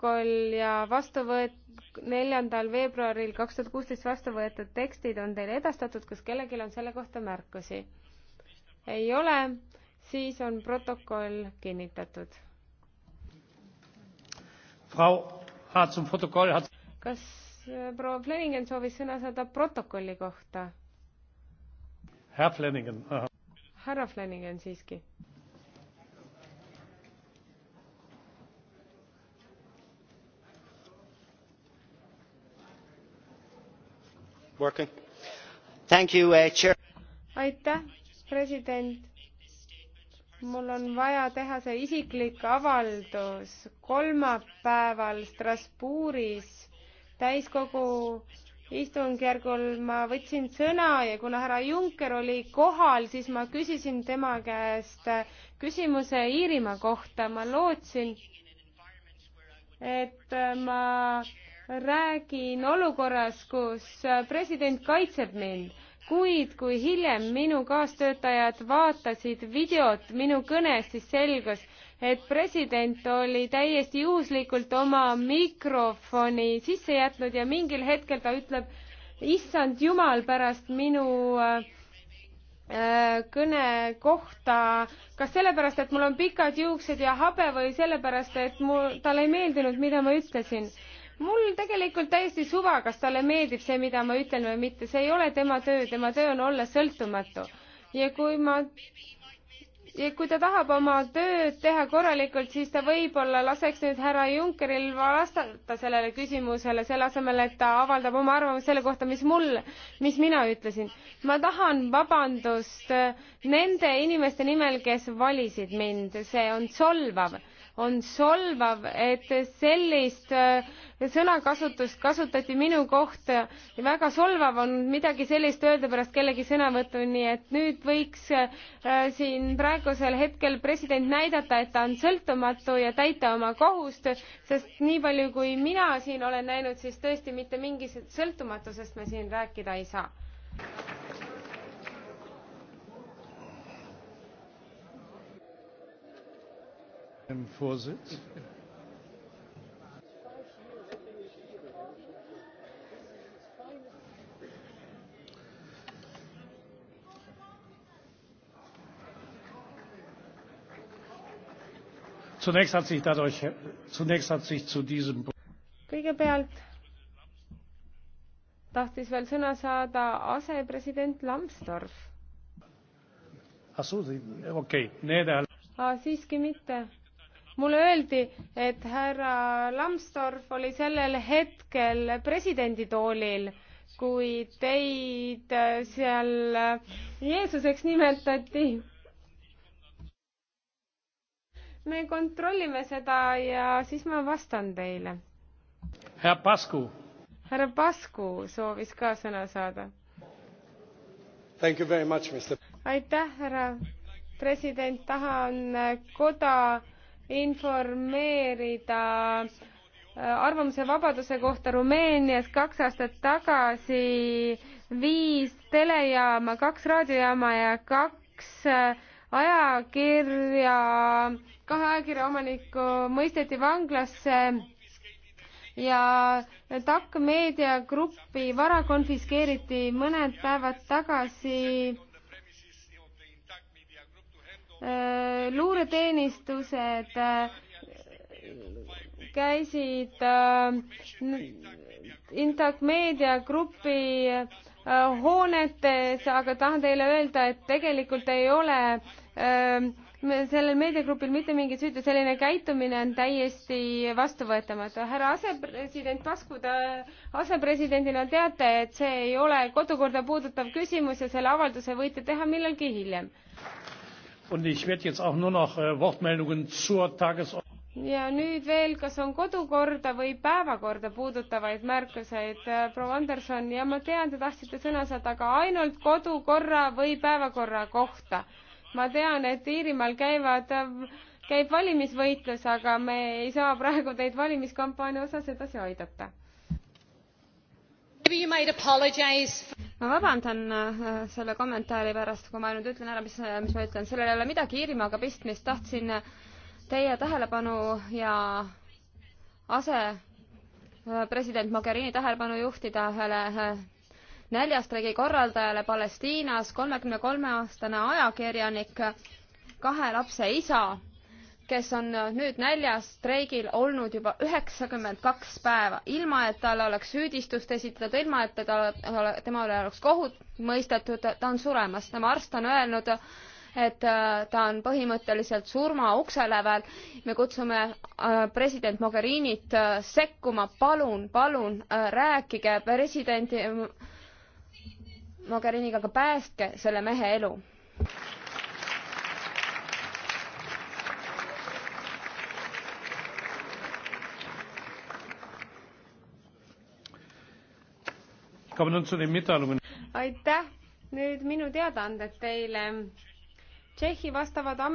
protokoll ja vastu võet-, neljandal veebruaril kaks tuhat kuusteist vastu võetud tekstid on teile edastatud, kas kellelgi on selle kohta märkusi? ei ole, siis on protokoll kinnitatud. Um kas äh, proua Flemingen soovis sõna saada protokolli kohta? härra Flemingen siiski Uh, aitäh president mul on vaja teha see isiklik avaldus kolmapäeval strasbourgis täiskogu istungjärgul ma võtsin sõna ja kuna härra juncker oli kohal siis ma küsisin tema käest küsimuse iirimaa kohta ma lootsin et ma räägin olukorras, kus president kaitseb mind, kuid kui hiljem minu kaastöötajad vaatasid videot minu kõnest, siis selgus, et president oli täiesti juhuslikult oma mikrofoni sisse jätnud ja mingil hetkel ta ütleb, issand jumal, pärast minu äh, äh kõne kohta, kas sellepärast, et mul on pikad juuksed ja habe või sellepärast, et mul, talle ei meeldinud, mida ma ütlesin mul tegelikult täiesti suva, kas talle meeldib see, mida ma ütlen või mitte, see ei ole tema töö, tema töö on olla sõltumatu. ja kui ma ja kui ta tahab oma tööd teha korralikult, siis ta võib-olla laseks nüüd härra Junckeril vastata sellele küsimusele, selle asemel, et ta avaldab oma arvamust selle kohta, mis mul, mis mina ütlesin. ma tahan vabandust nende inimeste nimel, kes valisid mind, see on solvav on solvav, et sellist äh, sõnakasutust kasutati minu kohta ja väga solvav on midagi sellist öelda pärast kellegi sõnavõttu, nii et nüüd võiks äh, siin praegusel hetkel president näidata, et ta on sõltumatu ja täita oma kohust, sest nii palju, kui mina siin olen näinud, siis tõesti mitte mingisugusest sõltumatusest me siin rääkida ei saa dem Vorsitz. Zunächst hat sich dadurch, zunächst hat sich zu diesem kõigepealt tahtis veel sõna saada asepresident Lambsdorff. Ah, siiski mitte mulle öeldi, et härra Lambsdorff oli sellel hetkel presidenditoolil, kui teid äh, seal äh, Jeesuseks nimetati. me kontrollime seda ja siis ma vastan teile. härra Pasku. härra Pasku soovis ka sõna saada. aitäh, härra president, tahan äh, koda informeerida äh, arvamuse vabaduse kohta Rumeenias kaks aastat tagasi viis telejaama, kaks raadiojaama ja kaks äh, ajakirja, kahe ajakirja omanikku mõisteti vanglasse ja TAK meediagrupi vara konfiskeeriti mõned päevad tagasi äh, luureteenistused äh, käisid äh, Intac Media Grupi äh, hoonetes, aga tahan teile öelda, et tegelikult ei ole ähm, sellel meediagrupil mitte mingit süüd ja selline käitumine on täiesti vastuvõetamatu. härra asepresident Pasku, te asepresidendina teate, et see ei ole kodukorda puudutav küsimus ja selle avalduse võite teha millalgi hiljem. Und ich werde jetzt auch nur noch äh, Wortmeldungen zur Tagesordnung ja nüüd veel, kas on kodukorda või päevakorda puudutavaid märkuseid, äh, proua Anderson, ja ma tean, te tahtsite sõna saada, aga ainult kodukorra või päevakorra kohta. ma tean, et Iirimaal käivad, äh, käib valimisvõitlus, aga me ei saa praegu teid valimiskampaania osas edasi aidata ma vabandan äh, selle kommentaari pärast, kui ma nüüd ütlen ära, mis, äh, mis ma ütlen, sellel ei ole midagi Iirimaaga pistmist, tahtsin äh, teie tähelepanu ja asepresident Mogherini tähelepanu juhtida ühele näljastreigi korraldajale Palestiinas, kolmekümne kolme aastane ajakirjanik, kahe lapse isa kes on äh, nüüd näljas streigil olnud juba üheksakümmend kaks päeva, ilma et talle oleks süüdistust esitatud, ilma et teda, tema üle oleks kohut mõistetud, ta on suremas. tema arst on öelnud, et äh, ta on põhimõtteliselt surma ukse lävel. me kutsume äh, president Mogherinit sekkuma, palun, palun rääkige presidendi Mogheriniga, aga päästke selle mehe elu aitäh, nüüd minu teadaanded teile. Tšehhi vastavad